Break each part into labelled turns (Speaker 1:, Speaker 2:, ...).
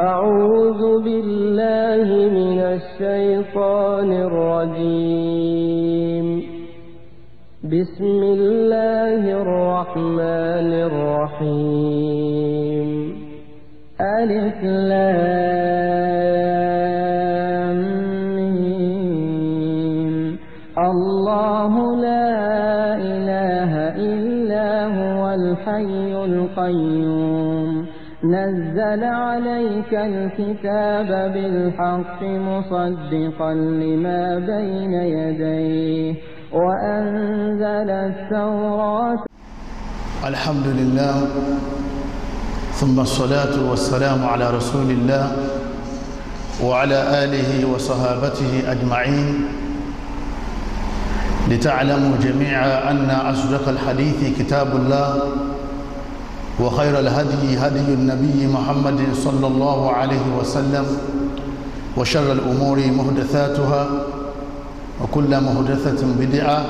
Speaker 1: أعوذ بالله من الشيطان الرجيم بسم الله الرحمن الرحيم ألف لام الله لا إله إلا هو الحي القيوم نزل عليك الكتاب بالحق مصدقا لما بين يديه وأنزل التوراة
Speaker 2: الحمد لله ثم الصلاة والسلام على رسول الله وعلى آله وصحابته أجمعين لتعلموا جميعا أن أصدق الحديث كتاب الله وخير الهدي هدي النبي محمد صلى الله عليه وسلم وشر الأمور محدثاتها وكل محدثة بدعة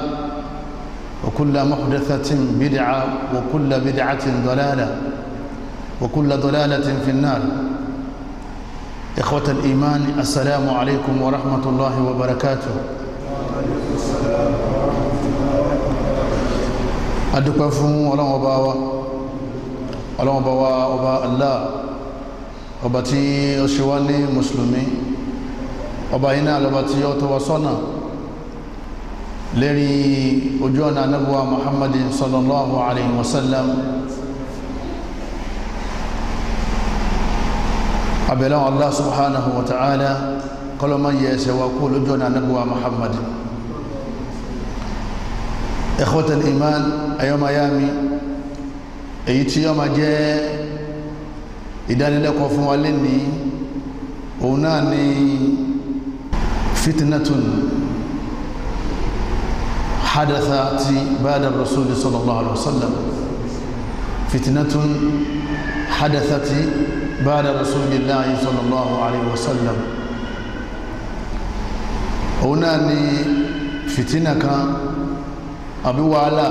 Speaker 2: وكل محدثة بدعة وكل بدعة ضلالة وكل ضلالة في النار إخوة الإيمان السلام عليكم ورحمة الله وبركاته أدوكم فهم ولا مباوة ọlọ́run bá wa ọba allah ọba tí ó ṣe wá ní mùsùlùmí ọba yìí náà lọ́ba tí ó tọ́ wa sọ́nà lérí ojú ọ̀nà anábùwà muhammadin sallallahu alayhi wa sallam abẹ̀lẹ́wọ̀n allah subhanahu wa ta'ala kọlọ́mọ yẹ ẹsẹ̀ wa kú lójú ọ̀nà anábùwà muhammadin ikhwatal iman ayọ́mayami èyí tí ó máa jẹ́ ìdánilẹ́kọ̀ọ́ fún wa lẹ́ni òun náà ni fitnatun حدثت بعد الرسول صلى الله عليه وسلم فتنة حدثت بعد رسول الله صلى الله عليه وسلم هنا فتنة أبي وعلا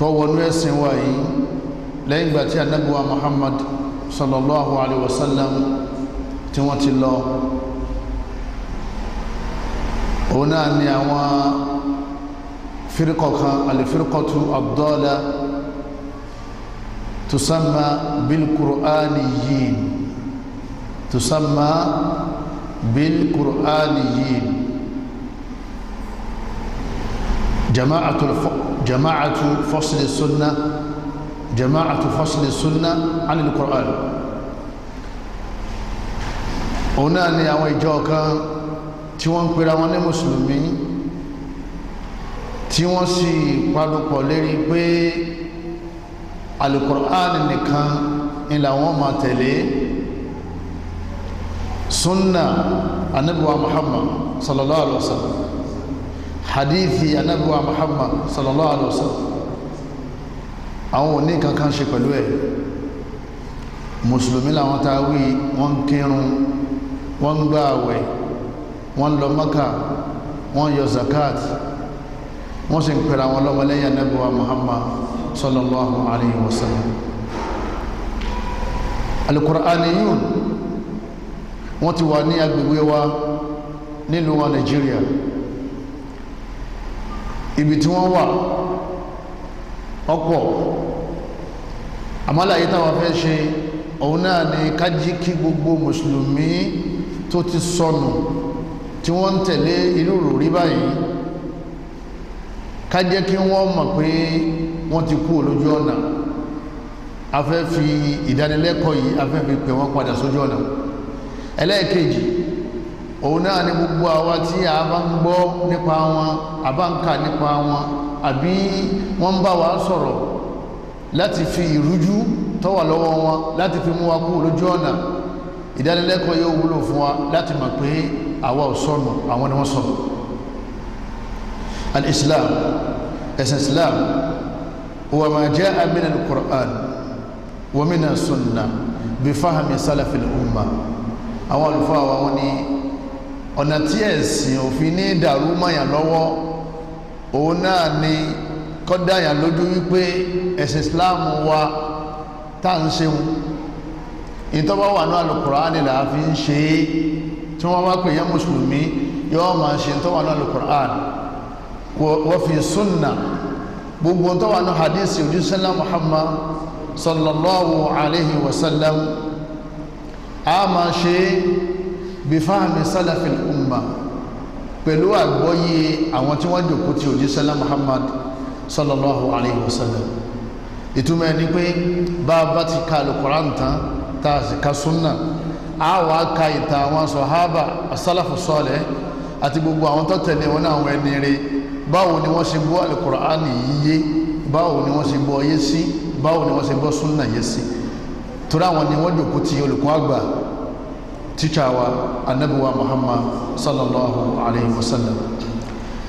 Speaker 2: tọ́wọ́nú ẹ̀sìn wa yìí lẹ́yìn ìgbà tí ànábì wa Muhammad sallallahu alaihi wasallam tí wọ́n ti lọ òun náà ni àwọn firqatan al-firqatu ad-dalla tusamma bil-Qur'aniyyin tusamma bil-Qur'aniyyin jama'atul jama'atu fasli sunna jama'atu fasli sunna anil Qur'an òun náà ni àwọn ìjọ kan tí wọ́n ń pera wọn ní mùsùlùmí tí wọ́n sì palopọ̀ lérí pé alukur'an nìkan ni làwọn máa tẹ̀lé sunna anabiwa muhammad sallallahu alaihi wa hadithi anabiwa muhammad sallallahu alaihi wasallam àwọn òní kankan ṣe pẹ̀lú ẹ̀ mùsùlùmí làwọn tá a wí wọ́n ń kírun wọ́n ń gbá àwẹ̀ wọ́n ń lọ mọ́kà wọ́n ń yọ zakat wọ́n sì ń muhammad sallallahu alaihi wasallam alukur'aniyun wọ́n ti wà ní agbègbè wa nílùú wa nàìjíríà ibi tí wọ́n wà ọ̀pọ̀ àmàlàyé táwọn fẹ́ ṣe òun náà ni kájí kí gbogbo mùsùlùmí tó ti sọnù tí wọ́n ń tẹ̀lé irú ròrí báyìí ká kí wọ́n mọ̀ pé wọ́n ti kú olójú ọ̀nà afẹ́ fi ìdánilẹ́kọ̀ọ́ yìí afẹ́ fi pè wọ́n padà sójú ọ̀nà ẹlẹ́ẹ̀kejì òun náà ni gbogbo àwa tí a bá ń gbọ́ nípa wọn àbá ń kà nípa wọn àbí wọ́n ń bá wa sọ̀rọ̀ láti fi ìrújú tó wà lọ́wọ́ wọn láti fi mú wa kú lójú ọ̀nà ìdánilẹ́kọ̀ọ́ yóò wúlò fún wa láti mọ̀ pé àwa ò sọnù àwọn ni wọ́n sọnù al-islam ẹ̀sìn islam wa ma jaa min al-qur'an wa min as-sunnah bi fahmi salafil umma àwọn àlùfáà wa ni ọ̀nà tí ẹ̀sìn òfin ní dàrú mọ̀yàn lọ́wọ́ òun náà ni kọ́dáyàn lójú wípé ẹ̀sìn Islam wa tá à ń ṣeun ìtọ́wọ́ wà ní alùkùránì là á fi ń ṣe é tí wọ́n wá pè yẹn mùsùlùmí yóò máa ṣe ìtọ́wọ́ ní alùkùránì wọ́n fi súnà gbogbo ìtọ́wọ́ ní hadith ojúṣẹ́lá Muhammad sallallahu alayhi wa sallam a máa ṣe é bifahami salafil umma pẹ̀lú àgbọ́yé àwọn tí wọ́n jòkó ti òjíṣẹ́lá muhammad sallallahu alayhi wa sallam ìtumọ̀ ni pé bá a bá ti ka alukoran tán tá a sì ka sunna a wàá ka ìta àwọn sọ̀hábà asálàfù sọ̀lẹ̀ àti gbogbo àwọn tó tẹ̀lé wọn àwọn ẹni rè báwo ni wọ́n ṣe gbọ́ alukoran yíyé báwo ni wọ́n ṣe gbọ́ yé sí báwo ni wọ́n ṣe gbọ́ sunna yé sí torí àwọn ni wọ́n jòkó ti olùkọ́ àgbà teacher wa anabi wa muhammad sallallahu alayhi wa sallam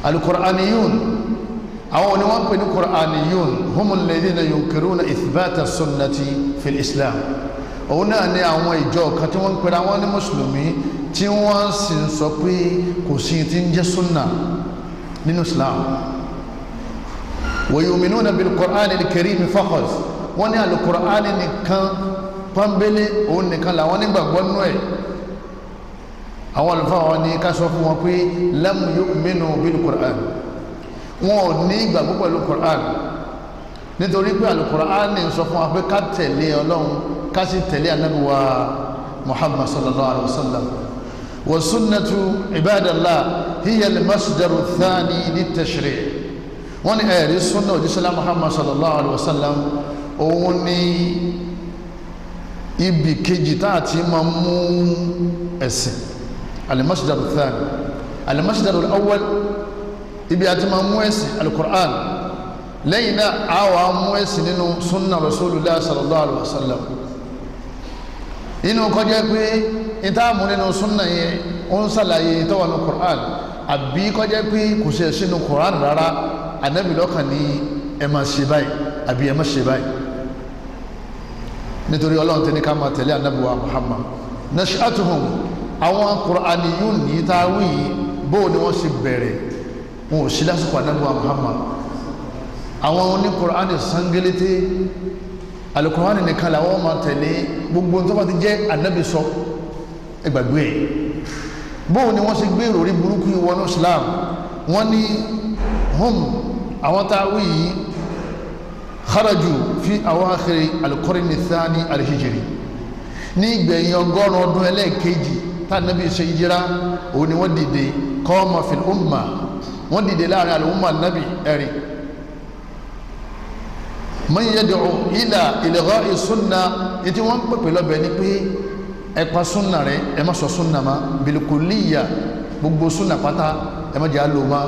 Speaker 2: alukur'aniyun àwọn ni wọ́n pè ní kur'aniyun humul ladhina yunkiruna ithbata sunnati fil islam òun náà ni àwọn ìjọ kan tí wọ́n ń pera wọn ní mùsùlùmí tí wọ́n sì ń sọ pé kò sí ti ń jẹ́ sunna nínú islam wa yu'minuna bil qur'anil karim faqat wọ́n ní alukur'ani nìkan pọ́nbélé òun nìkan làwọn nígbàgbọ́ nú ẹ̀ àwọn àlùfáà wọn ni ká sọ fún wọn pé lam yu'minu bil Qur'an wọn ò ní ìgbàgbọ́ pẹ̀lú Qur'an nítorí pé alukur'an ní sọ fún wa pé ká tẹ̀lé ọlọ́run ká sì tẹ̀lé anabiwa muhammad sallallahu alayhi wa sallam wa sunnatu ibadallah hiya almasdaru thani litashri' wọn ni ẹ̀rí sunna òjísọ́lá muhammad sallallahu alayhi wa sallam òun ni ibi kejì tá a ti máa mú ẹ̀sìn al-masdar al-thani al-masdar al-awwal ibi a ti máa mú ẹ̀sìn al-Qur'an lẹ́yìn náà a wà á mú ẹ̀sìn nínú sunna rasulullah sallallahu alaihi wa sallam inú kọjá pé ìtààmú nínú sunna yẹn ó ń ṣàlàyé tọ́wọ́ ní Qur'an àbí kọjá pé kò ṣe sínú Qur'an rárá ànábì lọ́kàn ní ẹ̀ máa ṣe báyìí àbí ẹ̀ máa ṣe nítorí ọlọ́run ti ní ká máa tẹ̀lé anábìwá muhammad nashatuhum àwọn qur'aniyun yìí tá a wí yìí bóun ni wọ́n ṣe bẹ̀rẹ̀ wọn ò sí anábìwá muhammad àwọn oní qur'ani sangelete alukur'ani nìkan làwọn máa tẹ̀lé gbogbo tó bá ti jẹ́ anábì sọ ẹgbàgbé ẹ̀ bóun ni wọ́n ṣe gbé ìròrí burúkú ìwọ́nú islam wọ́n ní hum àwọn tá yìí kharaju fi awakhiri alikọrini thani alihijiri ní ìgbẹ̀yìn ọgọ́rùn ọdún ẹlẹ́ẹ̀kejì tá nàbí ṣe yíra òun ni wọ́n dìde kọ́ọ̀mà fil umma wọ́n dìde láàrin alùmọ̀ nàbí ẹ̀rìn man yad'u ila ilgha'i sunna etí wọ́n pèpè lọ́bẹ̀ ni pé ẹ pa sunna rẹ ẹ má sọ sunna ma bil gbogbo sunna pátá ẹ má jẹ́ àlò ma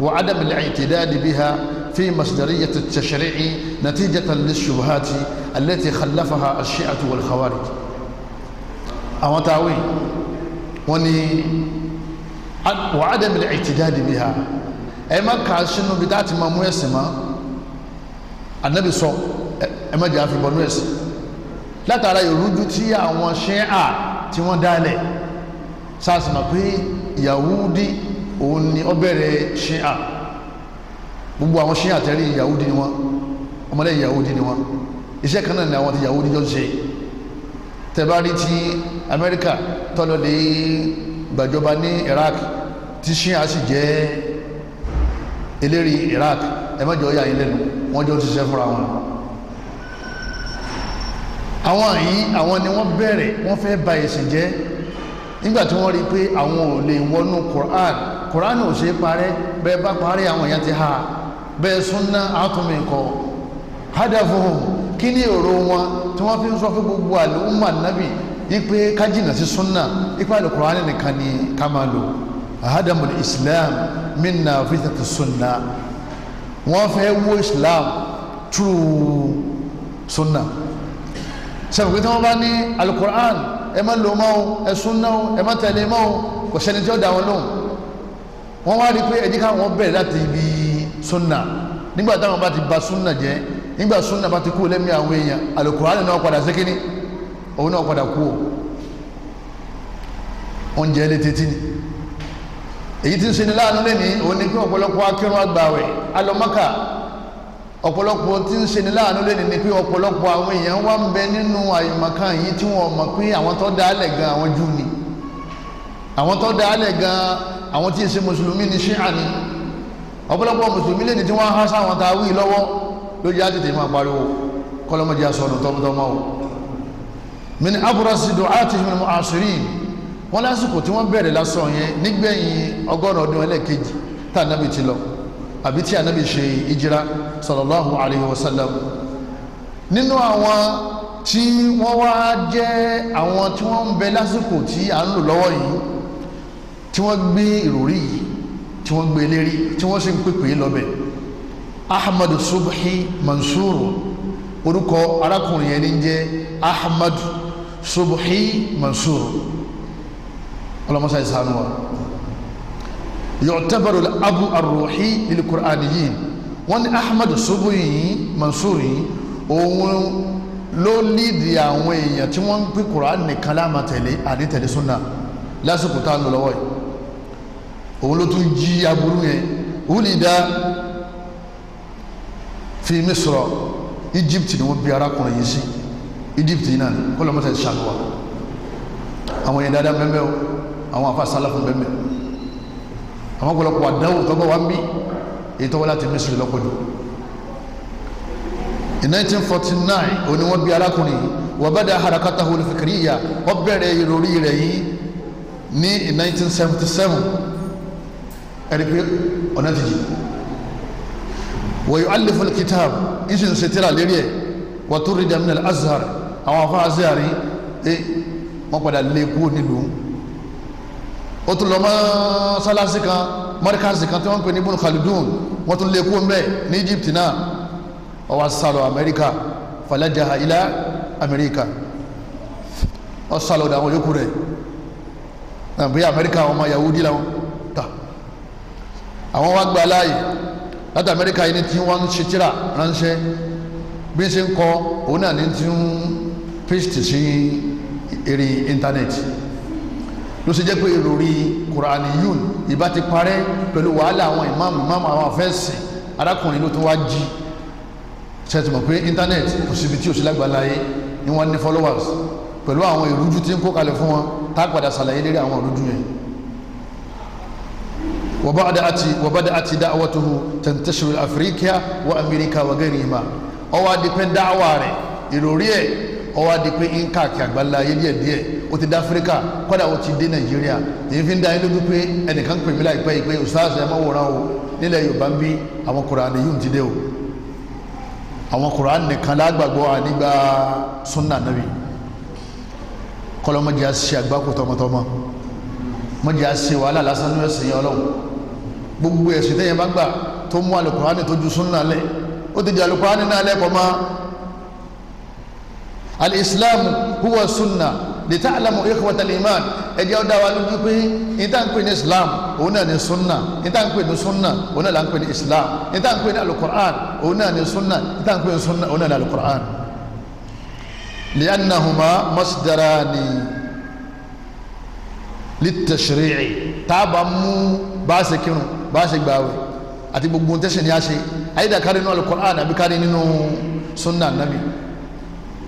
Speaker 2: wa adam al-i'tidad biha في مصدرية التشريع نتيجة للشبهات التي خلفها الشيعة والخوارج أو تاوي وني وعدم الاعتداد بها أما ما كاشن بدات ما موسما النبي صلى أما جاء في látara لا ترى àwọn ṣẹ́à tí wọ́n dálẹ̀ sars mọ̀ pé Yahudi òun ni ó bẹ̀rẹ̀ gbogbo àwọn ṣíyàn àtẹ̀rí Yahudi ni wọn ọmọlẹ́yìn Yahudi ni wọn iṣẹ́ kan náà ni àwọn ti Yahudi jọ ṣe tẹ̀bárí ti Amẹ́ríkà tọ́lọ́dé gbàjọba ní Iraq tí ṣíyàn sì jẹ́ eléri Iraq ẹ má jọ yà yín lẹ́nu wọ́n jọ ṣiṣẹ́ fúnra wọn. àwọn yìí àwọn ni wọ́n bẹ̀rẹ̀ wọ́n fẹ́ ba ẹ̀sìn jẹ́ nígbà tí wọ́n rí i pé àwọn ò lè wọnú Quran Quran ò ṣe é parẹ́ bẹ́ẹ̀ bá parẹ́ àwọn èèyàn ti ha bẹ́ẹ̀ súnná àtúnmí kọ́ hadafuhum kí ni èrò wọn tí wọ́n fi ń sọ fún gbogbo àlùmọ́ ànábì ipe kájìnà sí súnná ipe alukurani nìkan ni ká máa lò ahadamu islam minna fitati súnná wọ́n fẹ́ wo islam through súnná sẹ́fù pé tí wọ́n bá ní alukur'an ẹ má lò mọ́ ẹ súnná ẹ má tẹ̀lé mọ́ kò sẹ́ni tí ó dá wọn lóhùn wọ́n wá rí pé ẹ̀jẹ̀ káwọn bẹ̀rẹ̀ láti ibi sunna nígbà táwọn bá ti ba sunna jẹ́ nígbà sunna bá ti kú lẹ́mí àwọn èèyàn alukurani náà padà sékíní òun náà padà kú o oúnjẹ lè ni èyí tí ń ṣe ni láàánú lẹ́ni òun ni pé ọ̀pọ̀lọpọ̀ akẹ́rùn àgbàwẹ̀ alọ́mọ́kà ọ̀pọ̀lọpọ̀ tí ń ṣe ni láàánú lẹ́ni ni pé ọ̀pọ̀lọpọ̀ àwọn èèyàn wà ń bẹ nínú àyùmọ̀kan yìí tí wọ́n mọ̀ pé àwọn tó dá alẹ̀ gan àwọn jù ni àwọn tó dá alẹ̀ gan àwọn tí ń ṣe mùsùlùmí ni ṣíà ni ọ̀pọ̀lọpọ̀ mùsùlùmí lè ní tí wọ́n há sáwọn tá a wí lọ́wọ́ ló jẹ́ àtètè máa pariwo kọ́lọ́mọdé asọ̀nù tọ́mọtọ́mọ o min aburasi do ati min mu asiri wọn lásìkò tí wọ́n bẹ̀rẹ̀ lásán yẹn nígbẹ̀yìn ọgọ́rùn ọdún ẹlẹ́ẹ̀kejì tá ànábì ti lọ àbí tí ànábì ṣe ìjira sallallahu alayhi wa sallam nínú àwọn tí wọ́n wá jẹ́ àwọn tí wọ́n bẹ lásìkò tí à ń lò lọ́wọ́ yìí tí wọ́n gbé ìròrí yìí tí wọ́n gbé lérí tí wọ́n sì ń pèpè lọ́bẹ̀ ahmadu subhi mansuru orúkọ arákùnrin yẹn ní jẹ́ ahmadu subhi mansuru ọlọmọsá ìsànú wa yọ̀tẹ́bẹ̀rù abu arruhi lil qur'aniyyin wọ́n ní ahmadu subhi mansuru yìí òun ló lídìí àwọn èèyàn tí wọ́n ń pè kùránì nìkan láàmà tẹ̀lé àdìtẹ̀lé súnà lásìkò tá a lọ lọ́wọ́ yìí òun ló tún jí aburú yẹn wúlìdá fi Misra Egypt ni wọ́n bí arákùnrin yìí sí Egypt yìí náà kọ́lọ́mọ́sẹ̀ ṣàlùwà àwọn yẹn dáadáa bẹ́ẹ̀ o àwọn afa sálàfún bẹ́ẹ̀ àwọn ọ̀pọ̀lọpọ̀ àdánwò tọ́gbọ́ wa ń bí èyí tọ́wọ́ láti Misra lọ́pọ̀jù in 1949 òní wọ́n bí arákùnrin wàbẹ́dà harakata olùfikiriya ó bẹ̀rẹ̀ ìròrí rẹ̀ yìí ní 1977 ẹ̀rí pé ọ̀nà ti jì wọ́n yóò alifu kitab isin sitira lérí ẹ̀ wọ́n tó rí dàmínà azhar àwọn afọ azhari ẹ wọ́n padà lé kúrò nílùú ó tún lọ mọ́sálásí kan mọ́ríkàsì kan tí wọ́n ń pè ní ibùn khalidun wọ́n tún lé kúrò mbẹ́ ní egypt náà ó wá sálọ amẹ́ríkà falajaha ila amẹ́ríkà ó sálọ dàwọn yòókù rẹ̀ nàbí amẹ́ríkà ọmọ yahudi làwọn àwọn wá gba láàyè láti amẹ́ríkà yìí ni tí wọ́n ń ṣe tíra ránṣẹ́ bí ṣe ń kọ òun náà ni tí ń pèsè sí eré íńtánẹ́ẹ̀tì ló ṣe jẹ́ pé ìròrí Qur'aniyun ìbá ti parẹ́ pẹ̀lú wàhálà àwọn ìmáàmù ìmáàmù àwọn afẹ́sìn arákùnrin ló tún wá jí ṣètì pé íńtánẹ́ẹ̀tì kò síbi tí òṣèlú àgbáláyé ni wọ́n ní followers pẹ̀lú àwọn ìrújú tí ń kó kalẹ̀ fún wọn tá a padà ṣàlàyé lérí وبدأت وبدأت دعوته تنتشر لأفريقيا وأمريكا وغيرهما ó wá di pé dáwà rẹ̀ ìròrí ẹ̀ ó wá di pé nǹkan àkè àgbàlá ayé díẹ̀ díẹ̀ ó ti dá áfíríkà kódà ó ti dé nàìjíríà èyí fi ń da yín lójú pé ẹnìkan pè mí láìpẹ́ yìí pé ustaz ẹ̀ máa wòran o nílẹ̀ yorùbá ń bí àwọn kùránì yìí ń ti dé o àwọn kùránì nìkan lágbàgbọ́ ànígbà sunna nabi kọlọ́mọdé á ṣe àgbákò tọmọtọmọ mọdé á ṣe wàhálà lásán ní ẹ̀sìn yẹn ọlọ́run gbogbo ẹ̀sìn tẹ́yìn bá gbà tó mú alukurani tó ju sunna lẹ̀ ó ti di alukurani náà lẹ́kọ̀ọ́ máa alìsílámù huwa sunna lè tá àlámù ikhwata al-iman ẹ̀jẹ̀ ọ̀dà wa lójú pé níta ń pè ní islam òun náà ní sunna níta ń pè ní sunna òun náà là ń pè ní islam níta ń pè ní alukur'an òun náà ní sunna níta ń pè ní sunna òun náà ní alukur'an. li'annahuma masdarani lit-tashri'i tábà mú bá a ṣe bá a ṣe gbà wẹ̀ àti gbogbo tẹ̀sán ni a ṣe ayédàkárí nínú alukur'an àbí kárí nínú sunna nabi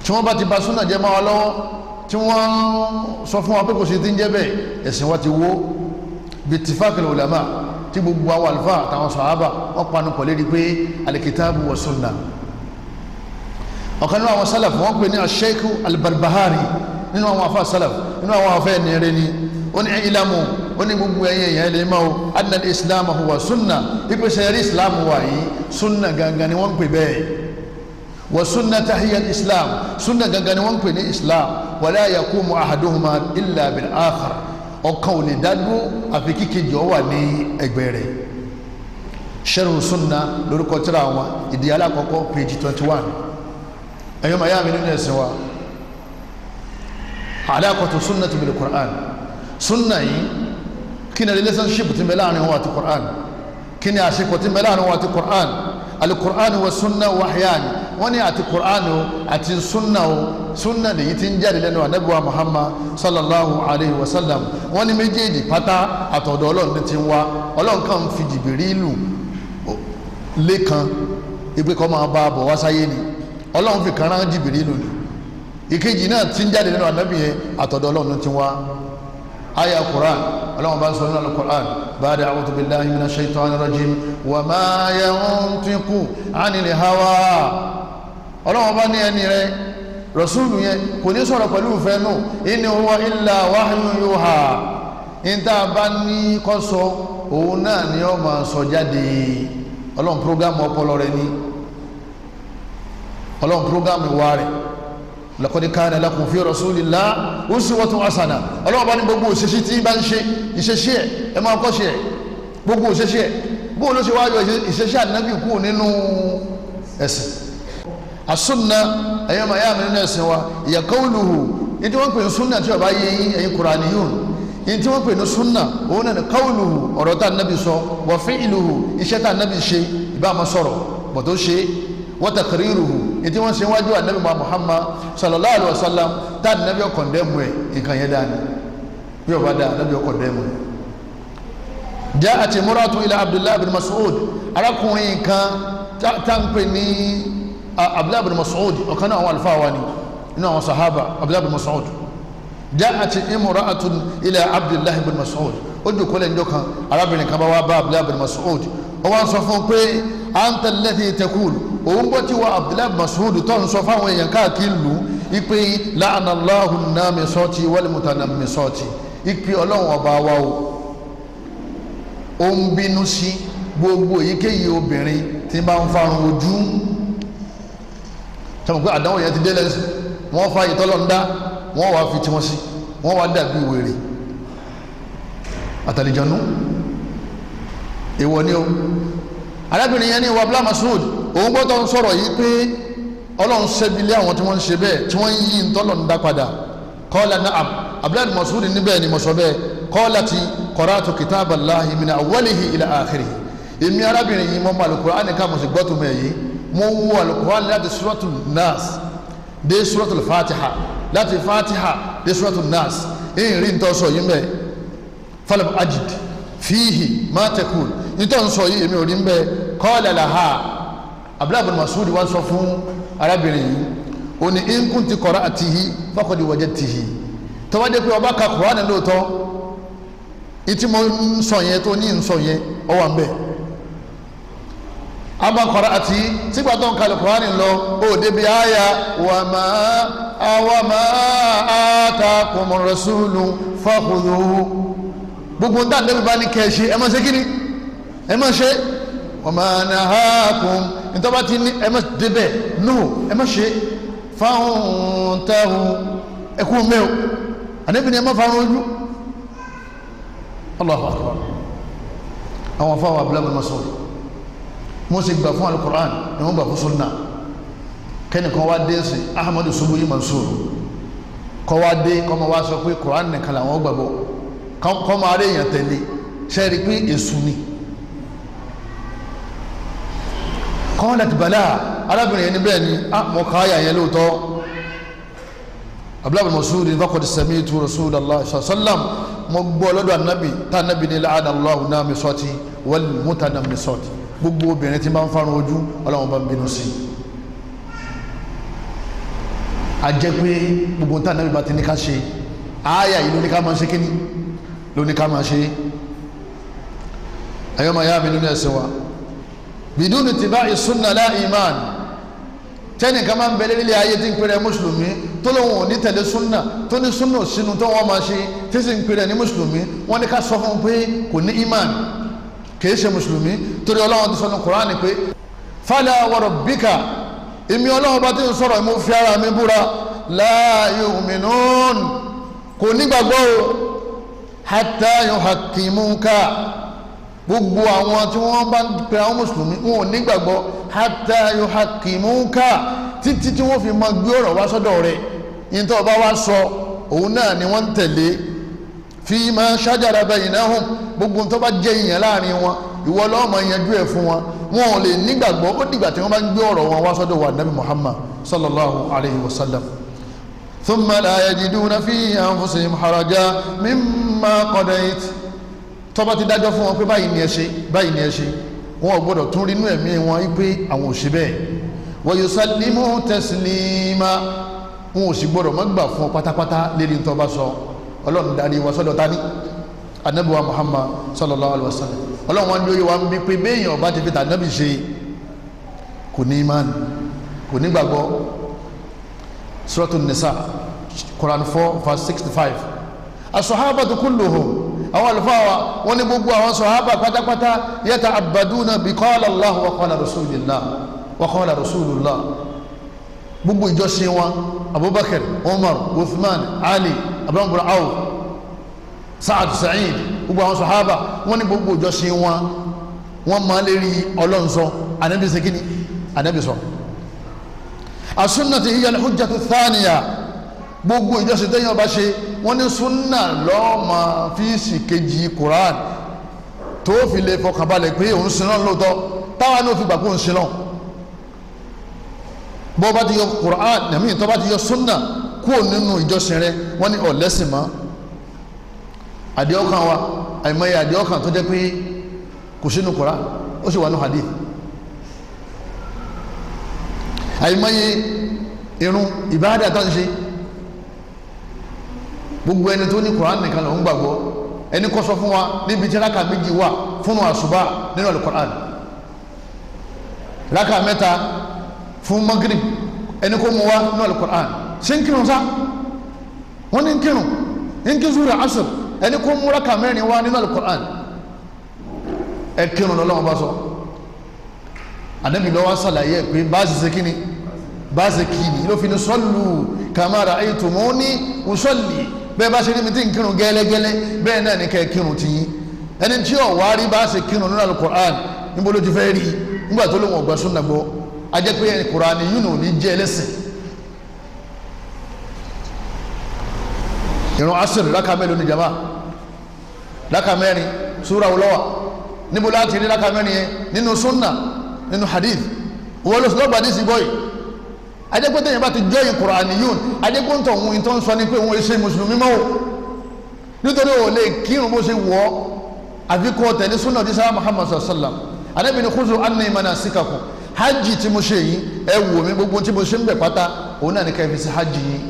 Speaker 2: tí wọ́n bá ti ba sunna jẹ́ máa wá lọ́wọ́ tí wọ́n sọ fún wa pé kò sí ti ń jẹ́ bẹ́ẹ̀ ẹ̀sìn wa ti wó bitifakil ulama tí gbogbo àwọn àlùfáà àtàwọn sàhábà wọ́n panu pọ̀ lérí pé alikitaabu wa sunna ọ̀kan àwọn sálàfù wọ́n pè ní asheikh albarbahari nínú àwọn afa sálàfù nínú àwọn afa ẹni rẹ ni ó ní ilamu ó ní gbogbo ẹ̀yin èèyàn lè mọ̀ o adinadi islam huwa sunna ìpèsè ẹ̀rí islam wà yìí sunna gangan ni wọ́n ń pè bẹ́ẹ̀ wa sunna tahiyyat islam sunna gangan ni wọ́n ń pè ní islam wala yaqumu ahaduhuma illa bil akhar ọ̀kan ò lè dádúró àfi kíkejì ọ wà ní ẹgbẹ́ rẹ̀ sharhu sunna lórúkọ tíra wọn ìdí alákọ̀ọ́kọ́ page twenty one ẹ̀yọ́ màá yá mi nínú ẹ̀sìn wa alaqatu sunnati bil qur'an sunna yìí kí ni relationship ti bẹ láàrin wọn àti Qur'an kí ni àṣepọ̀ ti bẹ láàrin wọn àti Qur'an alukur'an wa sunna wa ahyani wọ́n ní àti Qur'an o àti sunna o sunna nìyí ti ń jáde lẹ́nu anabiwa Muhammad sallallahu alayhi wa sallam wọ́n ní méjèèjì pátá àtọ̀dọ̀ Ọlọ́run ti ń wá Ọlọ́run kan fi Jìbìrìlù lẹ́kan ìpè kọ́ máa bá a bọ̀ wá ni Ọlọ́run fi kan rán Jìbìrìlù ni ìkejì náà ti ń jáde lẹ́nu anabi yẹn àtọ̀dọ̀ Ọlọ́run ti wá aya quran ọlọ́run bá ń sọ nínú alukur'an báyìí a'udhu billahi minash shaitani rajim wa ma yantiqu anil hawa ọlọ́run bá ní ẹni rẹ rasulu yẹn kò ní sọ̀rọ̀ pẹ̀lú ìfẹ́ nù in huwa illa wahyun yuha níta bá ní kọ́ sọ òun náà ni ó máa sọ jáde ọlọ́run programu ọpọlọ rẹ ni ọlọ́run programu wa rẹ̀ laqad kana lakum fi rasulillah uswatun hasana ọlọ́wọ́ bá ní gbogbo òṣèṣì tí bá ń ṣe ìṣeṣì ẹ̀ ẹ máa kọ́ ṣe ẹ̀ gbogbo òṣèṣì ẹ̀ bóun ló ṣe wáyọ ìṣeṣì ànábì kú nínú ẹ̀sìn àsúnà ẹ̀yọ́ màá yá mi nínú ẹ̀sìn wa ìyàkọ́wùlùhù ní tí wọ́n pè ní súnà tí ọba yẹ yín ẹ̀yin Kùránìyùn ní tí wọ́n pè ní súnà òun náà ní káwùlùhù ọ̀rọ̀ tá ànábì sọ wọ́n fi ìlùhù iṣẹ́ tá ànábì ṣe ìbá máa sọ̀rọ̀ bọ̀ tó ṣe wọ́n tàkìrìrùhù ètí wọ́n ṣe wájú ànábì Muhammad sallallahu alayhi wa sallam tá ànábì ọkọ̀ ndẹ́mu ẹ̀ nǹkan yẹn dáa ni bí ọba dáa ànábì ọkọ̀ ndẹ́mu ẹ̀. jẹ́ àti muratu ila abdullahi bin mas'ud arákùnrin kan tá n pè ní abdullahi bin mas'ud ọ̀kan náà àwọn àlùfáà wa ni inú àwọn sahaba abdullahi bin mas'ud jẹ́ àti imuratu ila abdullahi bin mas'ud ó dùkọ́ lẹ́yìn jọ kan arábìnrin kan bá wá bá abdullahi bin mas'ud ó wá sọ fún pé anta alladhi òun gbọ́ tí wọ́n abdullahi mas'ud tó ń sọ fáwọn èèyàn káàkiri lù ú ipe la'anallahu namisati wal mutanammisati ipe ọlọ́run ọba wa o ó ń bínú sí gbogbo èyíkéyìí obìnrin tí bá ń farun ojú tẹ̀wọ̀n pé àdánwò yẹn ti délẹ̀ wọ́n fa ìtọ́lọ̀ ń dá wọ́n wá fi tiwọn sí wọ́n wá dàbí wèrè àtàlìjọ́nú èèwọ̀ ni o arábìnrin yẹn ní ìwà bla mas'ud òun gbọ́dọ̀ ń sọ̀rọ̀ yìí pé ọlọ́run ṣẹ́bilé àwọn tí wọ́n ń ṣe bẹ́ẹ̀ tí wọ́n ń yí ntọ́lọ̀ ń dá padà kọ́lá na'am abdulayi masudi níbẹ̀ ni mo sọ bẹ́ẹ̀ kọ́lá ti qara'tu kitaballahi min awwalihi ila akhirihi èmi arábìnrin yìí mo mọ alukur'an ká mo sì gbọ́ tó yìí mo wo alukur'an láti suratul nas dé suratul fatiha láti fatiha dé suratul nas èyí rí ntọ́ sọ yìí mẹ́ẹ̀ falam ajid fihi ma ntọ́ nsọ yìí èmi ò rí mbẹ́ kọ́lá laha abdullahi bin masud wa sọ fún arábìnrin yìí ó ní inkun ti kọ́ra àtìhí faqad wajadtihi tọ́wádé pé ọba ka Qur'an lóòótọ́ ìtí mo ń sọ yẹn tó ní ń sọ yẹn ọ wà ń bẹ̀ ama kọ́ra àtìhí sígbà tó ń kalẹ̀ Qur'an lọ ó débi àyà wà má àwà má àtàkùn rasulu fakhudhuhu gbogbo ń dá níbi bá ní kẹ́ ẹ ṣe ẹ má ṣe kí ni ẹ má ṣe wa ntọ́ba ti ní ẹ má débẹ̀ no ẹ má ṣe fáwọn táwọn ẹkú mẹ́wò ànábì ni ẹ má fáwọn ojú Allahu akbar àwọn fáwọn abúlé ma sọ̀rọ̀ wọ́n sì gbà fún alukur'an ni wọ́n gbà fún sunna kẹ́nìkan wá dé sí Ahmadu Subuhi Mansur kọ́ wá dé kọ́ ma wá sọ pé kur'an nìkan làwọn gbàgbọ́ kọ́ ma rí èèyàn tẹ̀lé sẹ́ẹ̀rì pé èṣù ni. kọ́ńdàtì bàlá arábìnrin yẹn níbẹ̀ ni ah, mọ̀ káyà yẹn lóòótọ́ abdullahi masud fakọ̀dì sami tu rasulallah sallam mo gbọ́ lọ́dọ̀ anabi tá anabi ní laada allahu náà mi sọ́ọ̀tì wal mutana mi sọ́ọ̀tì gbogbo obìnrin tí máa ń farun ojú ọlọ́run bá ń bínú sí i a jẹ́ pé gbogbo tá anabi bá ti ní ká ṣe àáyà yìí ló máa ṣe kíní ló máa ṣe ayọ́mọ ayá mi nínú ẹ̀sìn wa bidúni tìbá ìsúná lá iman tẹ́nì kan máa ń bẹ lélẹ̀ ayé tí ń pèrè mùsùlùmí tó lóun ò ní tẹ̀lé súnà tó ní súnà sínú tó wọ́n máa ṣe tí sì ń pèrè ní mùsùlùmí wọ́n ní ká sọ fún un pé kò ní iman kìí ṣe mùsùlùmí torí ọlọ́run ti sọ ní kuraani pé fala wa rabbika èmi ọlọ́run bá ti sọ̀rọ̀ mo fi ara mi búra la yu'minun kò nígbàgbọ́ o hatta yuhakkimuka gbogbo àwọn tí wọ́n bá pe àwọn mùsùlùmí wọn ò nígbàgbọ́ hatta yuhakimuka títí tí wọ́n fi mọ gbé ọ̀rọ̀ wá sọ́dọ̀ rẹ̀ yín tó bá wá sọ òun náà ni wọ́n ń tẹ̀lé fi ma shajara bainahum gbogbo tó bá jẹ́ ìyẹn láàrin wọn ìwọ lọ́mọ yanjú ẹ̀ fún wọn wọn ò lè nígbàgbọ́ ó dìgbà tí wọ́n bá ń gbé ọ̀rọ̀ wọn wá sọ́dọ̀ wa nabi muhammad sallallahu alayhi wa sallam thumma la yajiduna fi haraja mimma qadayt tọ́ba ti dájọ́ fún wọn pé báyìí ni ẹ ṣe báyìí ni ẹ ṣe wọn ò gbọ́dọ̀ tún rí inú ẹ̀mí wọn pé àwọn ò ṣe bẹ́ẹ̀ wa yusallimu taslima wọn ò sì gbọ́dọ̀ má gbà fún ọ pátápátá lérí ní tọ́ba sọ ọlọ́run darí wọn sọ́dọ̀ tani anabi muhammad sallallahu alaihi wa sallam ọlọ́run wọn lóye wa ń bí pé béèyàn ọba ti fi tànàbì ṣe kò ní imán kò ní gbàgbọ́ suratul nisa quran four verse sixty five as-sahabatu àwọn àlùfáà wa wọ́n ní gbogbo àwọn sọ̀hábà pátápátá yẹ́ta abadúnà bí qala Allah wa qala rasulillah wa qala rasulullah gbogbo ìjọsìn wọn abubakar umar uthman ali abdulhamid awo saad sa'id gbogbo àwọn sọ̀hábà wọ́n ní gbogbo ìjọsìn wọn wọ́n máa lè rí ọlọ́run anabi sekini anabi sọ as-sunnatu hiya thaniya gbogbo ìjọsìn tẹ́yìn ọba ṣe wọ́n ní súnà lọ́ọ̀mà fíìsì kejì Quran tó fi lè fọkànbalẹ̀ pé òun sin náà lóòótọ́ táwa náà fi gbà pé òun sin náà bó bá ti yọ Quran nàmí tó bá ti yọ súnà kúrò nínú ìjọsìn rẹ wọ́n ní ọ̀lẹ́sìn mọ́ àdéhọ́kàn wa àìmọye àdéhọ́kàn tó jẹ́ pé kò sínú Quran ó sì wà ní hadith àìmọye irun ìbáradà tó ń ṣe gbogbo ẹni tó ní Quran nìkan ló ń gbàgbọ́ ẹni kọ́ sọ fún wa níbi tí raka méjì wà fún àṣùbà nínú alukoran raka mẹ́ta fún magrib ẹni kó mu wá nínú alukoran ṣé ń kírun sá wọ́n ní ń kírun ń kí zuri asr ẹni kó mu raka mẹ́rin wá nínú alukoran ẹ kírun lọ́wọ́ bá sọ anabi lọ́wọ́ sàlàyé pé báàsì ṣe kíni báàsì kíni ló fi ní sọ́lù kàmáàrà ayé tòmọ́ ní wùsọ́lì bẹ́ẹ̀ bá ṣe rí mi tí ń kírun gẹ́lẹ́gẹ́lẹ́ bẹ́ẹ̀ náà ní kẹ́ kírun ti yín ẹni tí ò wá rí bá ṣe kírun nínú alukur'an níbo ló ti fẹ́ rí nígbà tó lóun ọ̀gbà súnà gbọ́ a jẹ́ pé ẹni kur'an yìí nù ní jẹ́ ẹlẹ́sìn ìrun asiri rákà mẹ́rin ní jama rákà mẹ́rin súra wọlọ́wà níbo láti rí rákà mẹ́rin yẹn nínú súnà nínú hadith wọ́n lọ sí lọ́gbàdìsí bọ́yìí adékòtò yẹn bá ti jọ yìí Kùránìyùn adékòtò òun tó ń sọ ni pé òun ṣe mùsùlùmí mọ́ o nítorí o lè kírun bó ṣe wọ́ àfi kọ́ tẹ̀lé súnà dísà Muhammad sallam anábìíní khuzu anni manasikakum hajj tí mo ṣe yìí ẹ wò mí gbogbo tí mo ṣe ń bẹ̀ pátá òun náà ní ká fi sí hajj yìí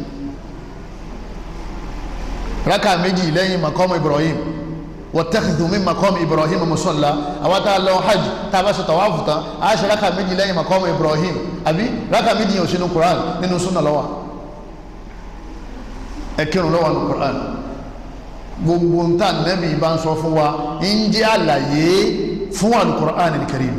Speaker 2: rákà méjì lẹ́yìn maqam Ibrahim wọ́tẹ́kìtì mi makọ́mu ibrahim musalla àwa tá a lọ hajj tá a bá ṣe tàwa fùtán a ṣe raka méjì lẹ́yìn makọ́mu ibrahim àbí raka méjì yẹn ò sínú quran nínú sunna lọ́wọ́ ẹ kírun lọ́wọ́ nínú quran gbogbo ntàn nẹ́bí bá ń sọ fún wa ń jẹ́ àlàyé fún alukur'an karim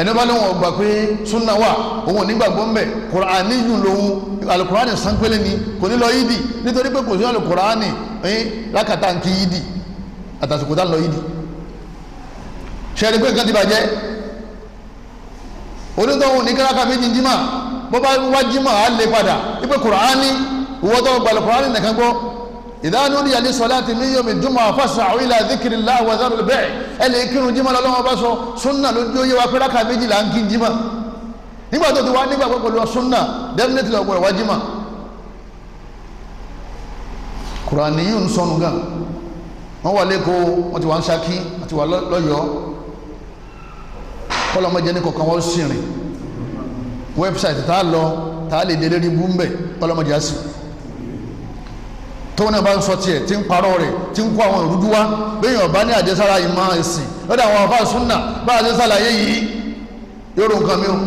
Speaker 2: ẹni bá lóun ọgbà pé sunna wa òun ò ní gbàgbọ́ mbẹ kùránì yùn lòun alukurani sanpele ni kò ní lọ yídì nítorí pé kò sí alukurani ẹ̀yìn lákàtà ń kí yídì àtàsùkò tá ń lọ yídì sẹ́ni pé nǹkan ti bàjẹ́ onítọ̀hún ní káràkà méjì jimá bó bá wá padà ipe kùránì ìwọ́tọ̀ gbàlù kùránì nìkan gbọ́ ìdáni ó ní yàlí sọlá ti ní yomi jùmọ̀ fásitì àwọn ilẹ̀ àdìkiri láwọ̀ ẹ̀dá bẹ́ẹ̀ ẹ lè kírun jimá lọ́wọ́ bá sọ súnà ló dúró yé wa pé rákà méjì là ń kí jimá nígbà tó ti wá nígbà pé pẹ̀lú súnà definitely ọ̀gbọ̀n wá jimá. kùránì yìí ń sọnù gan wọ́n wà lẹ́kọ̀ọ́ wọ́n ti wà ń Ṣakí wọ́n ti wà lọ́yọ̀ọ́ kọ́lọ́ mọ́jẹ́ ní kọ̀ọ̀kan wọ́n sìnrìn wẹ́bsáìtì tá a lọ tá a lè délé ní búmbẹ̀ kọ́lọ́ mọ́jẹ́ á sìn tóun náà bá ń sọ tiẹ̀ tí ń parọ́ rẹ̀ tí ń kó àwọn ìrújú wá béèyàn bá ní àjẹsára ìmọ̀ ẹ̀sìn lọ́dọ̀ àwọn àbá súnà bá àjẹsára yé yìí yóò ro nǹkan mìíràn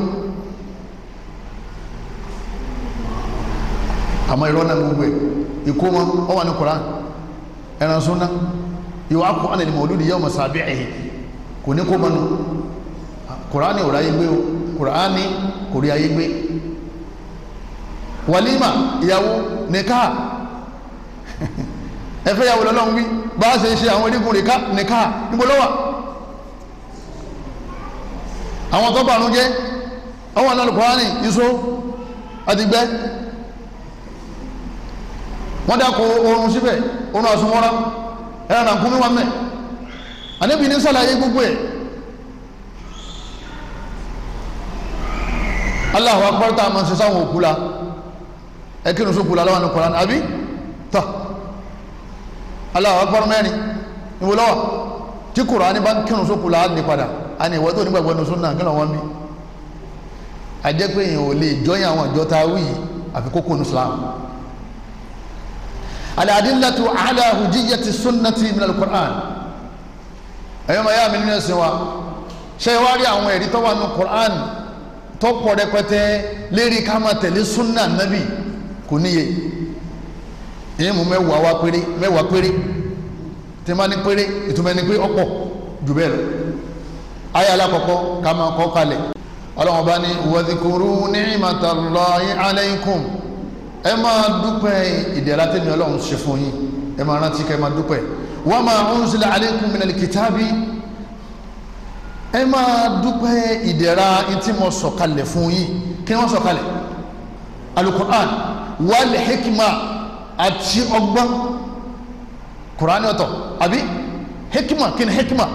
Speaker 2: àmọ́ irọ́ náà gbogbo ẹ̀ ìkó wọn ọ wà ní koran ẹran súnà ìwà kó ànà ìmọ̀ olùdíyẹ yawma sabi'ihi kò ní kó mọ́nu koran ò ráyé gbé o koran kò rí ayé gbé wàlímà ìyàwó nìkáà ẹfẹ́ yàwó lọ́lọ́run wí bá a ṣe ṣe àwọn onígun nìka níbo lọ́wọ́ àwọn tó bànú jẹ́ àwọn alálùkọ́ránì iṣó àdìgbẹ́ wọ́n dákò oorun síbẹ̀ oorun àsùnwọ́ra ẹ̀rọ nàkún mi wà mẹ́ àníbi ní sàlàyé gbogbo ẹ̀ Allahu akbar tá a máa ń ṣe sáwọn òkú la ẹ kí la lọ́wọ́ ní Kùránì àbí tọ́. Allahu Akbar mẹ́rin ìwọ lọ́wọ́ tí Kùránì bá ń kírun sókù láàdì padà a ní ìwọ tó nígbàgbọ́ ní súnà kí lọ́wọ́ mi a jẹ́ pé èèyàn ò lè jọyìn àwọn ìjọ ta wí àfi kókó ní Islam al-adillatu ala hujiyyati sunnati min al-Qur'an ẹ̀yọ́ máa yá mi nínú ẹ̀sìn wa ṣé wá rí àwọn ẹ̀rí tó wà ní Qur'an tó pọ̀ rẹpẹtẹ lérí ká máa tẹ̀lé súnà nábì kò níye ìyẹn mú mẹ́wàá wá péré mẹ́wàá péré tí wọ́n bá ní péré ìtumọ̀ ẹni pé ọ̀pọ̀ jù bẹ́ẹ̀ lọ ayé alákọ̀ọ́kọ́ ká máa kọ́ kalẹ̀ ọlọ́run bá ní wọ́dìkúrú ní ìmọ̀tàlọ́ aláìkùn ẹ máa dúpẹ́ ìdẹ̀ra tẹ̀mí ọlọ́run ṣe fún yín ẹ máa rántí ká ẹ máa dúpẹ́ wọ́n máa ń sílẹ̀ aláìkùn mi nàlẹ́ kìtàbí ẹ máa dúpẹ́ ìdẹ̀ra tí mo sọ̀kalẹ̀ fún yín kí wọ́n sọ̀kalẹ̀ alukur'an wàlẹ̀ hikma àti ọgbọ́n kùránì ọ̀tọ̀ àbí hikima kí ni hikima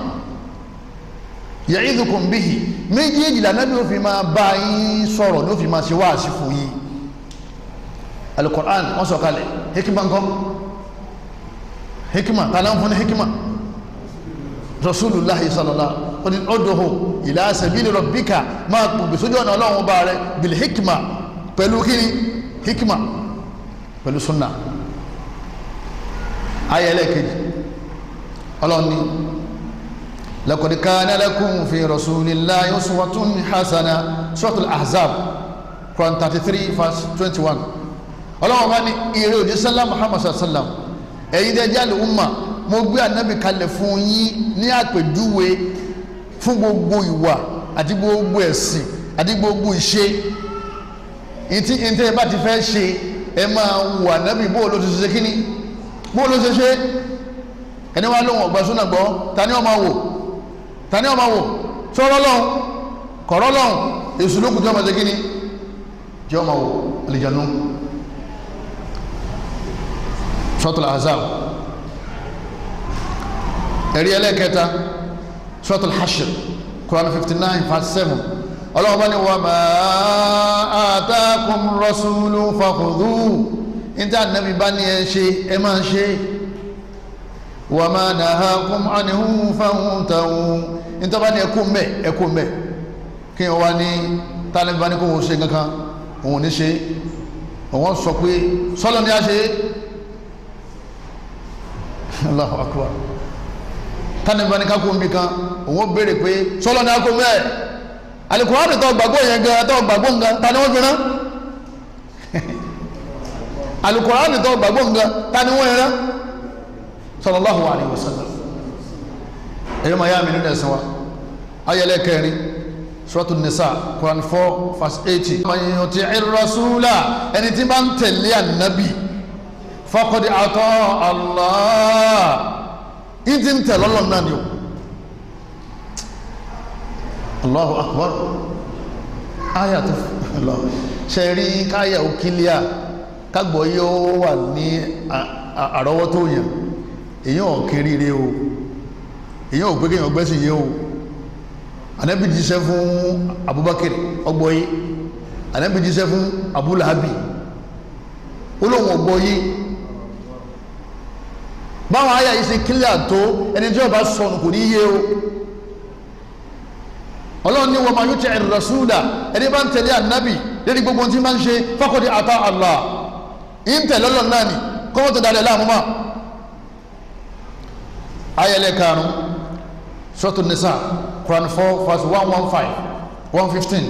Speaker 2: ya'idukum bihi méjèèjì lànà ni ó fi máa bá yín sọ̀rọ̀ ni ó fi máa ṣe wáàsí fún yín alukur'an wọ́n sọ̀kalẹ̀ hikima ńkọ́ hikima tàlà ń fún ní hikima rasulullah sallallahu alaihi wasallam ọdọ̀hó ila sabili rabbika máa gbogbo sójú ọ̀nà ọlọ́run ọba rẹ̀ bil hikima pẹ̀lú kíni hikima pẹ̀lú sunnah ayẹlẹ kejì ọlọ́ni laqad kana lakum fi rasulillahi uswatun hasana suratul ahzab quran thirty three verse twenty one ọlọ́wọ́n bá ní eré òjísọ́lá muhammad sallam ẹ̀yin dẹ́ jáde umma mo gbé anabi kalẹ̀ fún yín ní àpèjúwe fún gbogbo ìwà àti gbogbo ẹ̀sìn àti gbogbo ìṣe ìtí ìtẹ́ bá ti fẹ́ ṣe ẹ máa wù anabi bó o ló ti ṣe kíní bó ló ṣe ṣe ẹni wá lóhùn ọgbà súnà gbọ́ ta ni ọmọ wò ta ni ọmọ wò sọ̀rọ̀ lọ́hùn kọ̀rọ̀ lọ́hùn èsù lókùn tí ọmọ ṣe kíni jẹ́ ọmọ wò àlìjánu suratul ahzab ẹ̀rí ẹlẹ́kẹta suratul hashr quran fifty nine verse seven ọlọ́wọ́ bá ní wàmà àtàkùn rasulu fakhudhu níta nàbí bá ní ẹ ṣe ẹ máa ṣe wà máa nà ha kún àníhùn fáwọn táwọn níta bá ní ẹkún mbẹ ẹkún mbẹ kí n wá ní tálẹ́bí bá ní kó wọ́n ṣe kankan òun ní ṣe òun sọ pé sọ́lọ́ ni a ṣe Allahu akbar tálẹ́bí bá ní kákó mi kan òun béèrè pé sọ́lọ́ ni a kó mẹ́ẹ̀ alukóhánì tó gbàgbọ́ yẹn gan tó gbàgbọ́ nǹkan ta ni wọ́n fi rán alukoran tó gbàgbọ́ nǹkan ta ni wọ́n rán sallallahu alayhi wa sallam ẹ̀rọ màá yá mi nínú ẹ̀sìn wa ayẹlẹ kẹrin suratu nisa quran four verse eighty. mayoti irasula ẹni tí máa ń tẹ̀lé ànábì faqad ata Allah yìí ti ń tẹ̀lé ọlọ́run o allahu akbar aya tó ṣe rí káyà òkìlíà kágbọ́ yóò wà ní àrọ́wọ́tó yẹn èyàn kiri re o èyàn ò pé kéèyàn gbẹ́sì yé o ànábì jíṣẹ́ fún Abubakar ọgbọ́yé ànábì jíṣẹ́ fún Abulahabi olóhùn ọgbọ́yé báwọn àyà yìí ṣe kílíà tó ẹni tí ó bá sọnù kò ní yé o ọlọ́run ní wa man yuti ar-rasula ẹni bá ń tẹ̀lé ànábì lórí gbogbo ohun tí máa ń ṣe faqad ata Allah ìntẹ̀ lọ́lọ́ náà ni kọ́mọ́ tó dalẹ̀ láàmú mọ́ ayẹlẹ karùn-ún sọ́tún nisa Quran four verse one one five one fifteen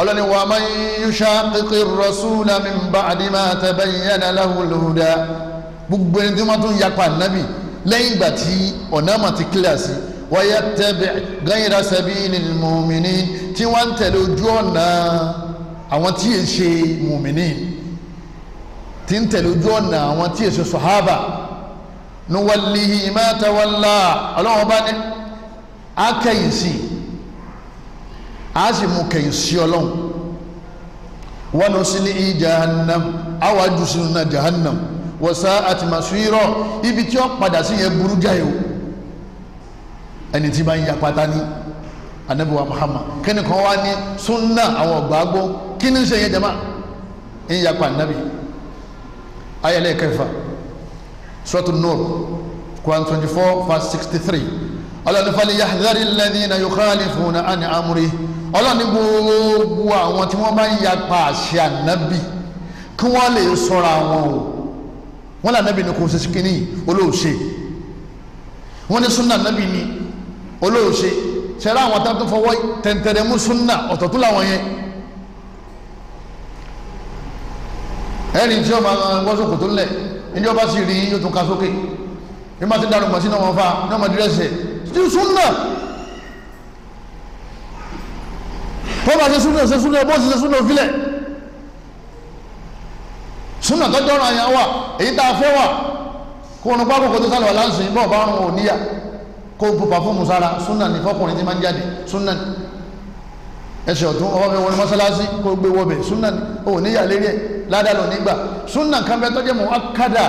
Speaker 2: ọlọ́ni wa man yushaqiqi rasula min ba'di ma tabayyana lahul huda gbogbo ẹni tí wọ́n tún yapa nábì lẹ́yìn ìgbà ti kíláàsì wáyà tẹ́bẹ̀ ghayra sabilil mu'minin tí wọ́n ń tẹ̀lé ojú ọ̀nà àwọn tí yẹn tí ń tẹ̀lé ojú ọ̀nà àwọn tí èso sọ̀hábà nuwalihi mẹ́tẹ̀wọ́lá ọlọ́wọ́n bá ní a kẹ̀yìn sí a sì mú kẹ̀yìn sí ọlọ́run wọn lọ sí ní jahannam àwọn àjùsùn náà jahannam wọ́sá àti màsúírọ̀ ibi tí ó padà sí yẹn burú jáyò ẹni tí bá ń ya pátá ní anabiwa Muhammad kẹ́nìkan wá ní sunna àwọn ọ̀gbágbó kí ni ń ṣe yẹn jama ń yapa anabi ayẹlẹ kẹfà suratul nur quran twenty four verse sixty three ọlọ́ni fali yahdari alladhina yukhalifuna ani amri ọlọ́ni gbogbo àwọn tí wọ́n bá ń yapa àṣẹ ànábì kí wọ́n lè sọ̀rọ̀ àwọn o wọ́n lè ànábì ni kò ṣe kíní olóòṣè wọ́n ní sunna ànábì ni olóòṣè ṣẹlẹ̀ àwọn tó fọwọ́ tẹ̀ntẹ̀rẹ̀ mú sunna ọ̀tọ̀tún làwọn yẹn ẹni tí ọba wọ́sọ̀kò tó lẹ̀ ẹni ọba sì rí yóò tún ka sókè ní ma ti dànù mọ̀ sí náà wọn fa ní ọmọ dírẹ́sì ti súnà bọ́ọ̀bà ṣe súnà ṣe súnà bọ́ọ̀sì ṣe súnà òfilẹ̀ súnà tó dọ́rọ̀ àyàn wà èyí tá a fẹ́ wà kó o nu pápá kò tó sálọ̀ wà láǹsìn bọ́ọ̀ bá ń wò níyà kó o bu pàfọ́ọ̀mù sára súnà ní fọkùnrin tí máa ń jáde súnà ní ẹsẹ̀ ọ̀tún ọwọ́ mi wọnú mọ́sálásí kó gbé wọbẹ̀ súnà ò níyà lérí ẹ̀ ládàá lọ nígbà súnà kan bẹ tọ́jú mọ́ akádà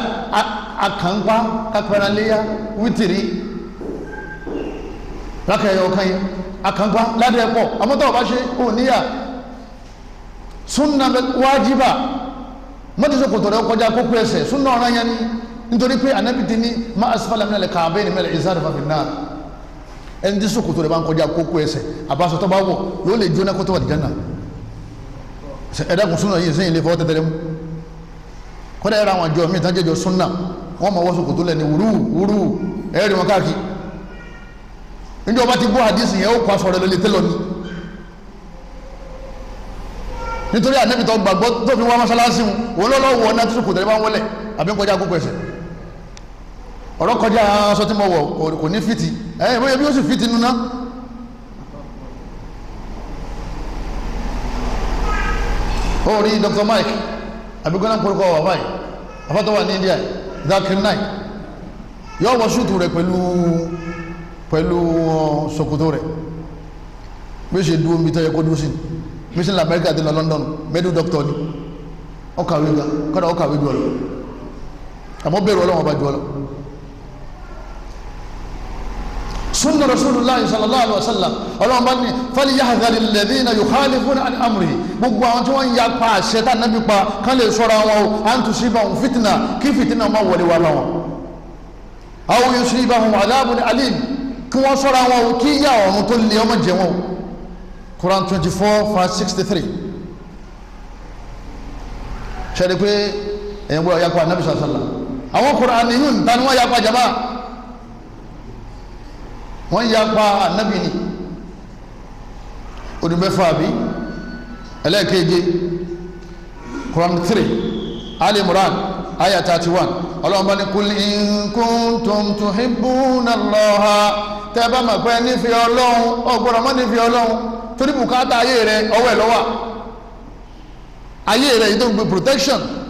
Speaker 2: akànpá kápẹ́ranléyà wítìrí lákẹ́yọ̀ kan yẹn akànpá ládàá pọ̀ àmọ́tọ́ ọba ṣe ò níyà súnà wájibà mọ́tòsó kòtò rẹ̀ kọjá kókó ẹsẹ̀ súnà ọ̀ràn yẹn ni nítorí pé ànábìtì ni má asfalẹ̀ mílẹ̀ kàbẹ́ẹ̀ ni mílẹ̀ fìnnà ẹni tí sòkòtò rẹ̀ bá ń kọjá kókó ẹsẹ̀ àbáṣọ tó bá wọ̀ yóò lè jóná kó tó wà ní jẹ́nà ẹ̀dàkùn súnà yìí sẹ́yìn lè fọwọ́ tẹ́tẹ́rẹ́ mú kọ́dà ẹ̀rọ àwọn àjọ mi ìtàn jẹjọ súnà wọ́n máa wọ́ sòkòtò lẹ́ni wúrú wúrú ẹ̀rí wọn káàkiri níjọ́ bá ti gbọ́ àdísì yẹn ó kọ́ aṣọ rẹ̀ lọ lè tẹ́lọ̀ ni nítorí ànẹ́bìtọ̀ gbàgbọ́ tó fi wá mọ́ṣáláṣí wọn olólọ́wọ́ náà tó sòkòtò rẹ̀ bá ń wọlé àbí ń kọjá kókó ẹsẹ̀ ọ̀rọ̀ kọjá aṣọ tí mo wọ̀ kò ní fìtì ẹ̀yìn bóyá bí ó sì fìtì nínú ó rí Dr. Mike abigbọ́nà pọ̀lọ́kọ̀ wà báyìí afọ́tọ̀ wà ní India Zakir Naik yóò wọ ṣúùtù rẹ̀ pẹ̀lú pẹ̀lú uh, ṣòkòtò rẹ̀ bí ó ṣe dúró mi tẹ́yẹ kó dúró sí mission America ti lọ London medu doctor ni ọkàwé ga kọ́dà ọkàwé ju ọlọ àmọ́ bẹ̀rù Ọlọ́run ọba ju ọlọ sunna rasulillah sallallahu alaihi wa sallam ọlọ́run bá ní fali yahadari lẹ́dí na yukhalifuna an amri gbogbo àwọn tí wọ́n ya pa àṣẹ tá nàbí pa kán lè sọ̀rọ̀ àwọn o à ń tu sí ibàwọn fitina kí fitina má wọlé wa báwọn. àwọn yóò sí ibàwọn aláàbò ní alim kí wọ́n sọ̀rọ̀ àwọn o kí yá ọ̀run tó lè ọmọ jẹ wọn o. Quran twenty four verse sixty three ṣe é de pé ẹ̀yin gbọ́dọ̀ yà pa anabi sallallahu àwọn Quran yìí ń tani wọ́n yà pa jama. wọ́n ya pa anabi ni ọdún mẹ́fà bí ẹlẹ́ẹ̀keje Quran three Ali Imran aya thirty one ọlọ́run bá ní kul in kuntum tuhibbuna Allaha tẹ́ bá mọ̀ pé nífẹ̀ẹ́ ọlọ́run ọgbọ́dọ̀ mọ́ nífẹ̀ẹ́ ọlọ́run torí
Speaker 1: bùkátà ayé rẹ ọwọ́ ẹ̀ lọ́wọ́ ayé rẹ yìí tó ń gbé protection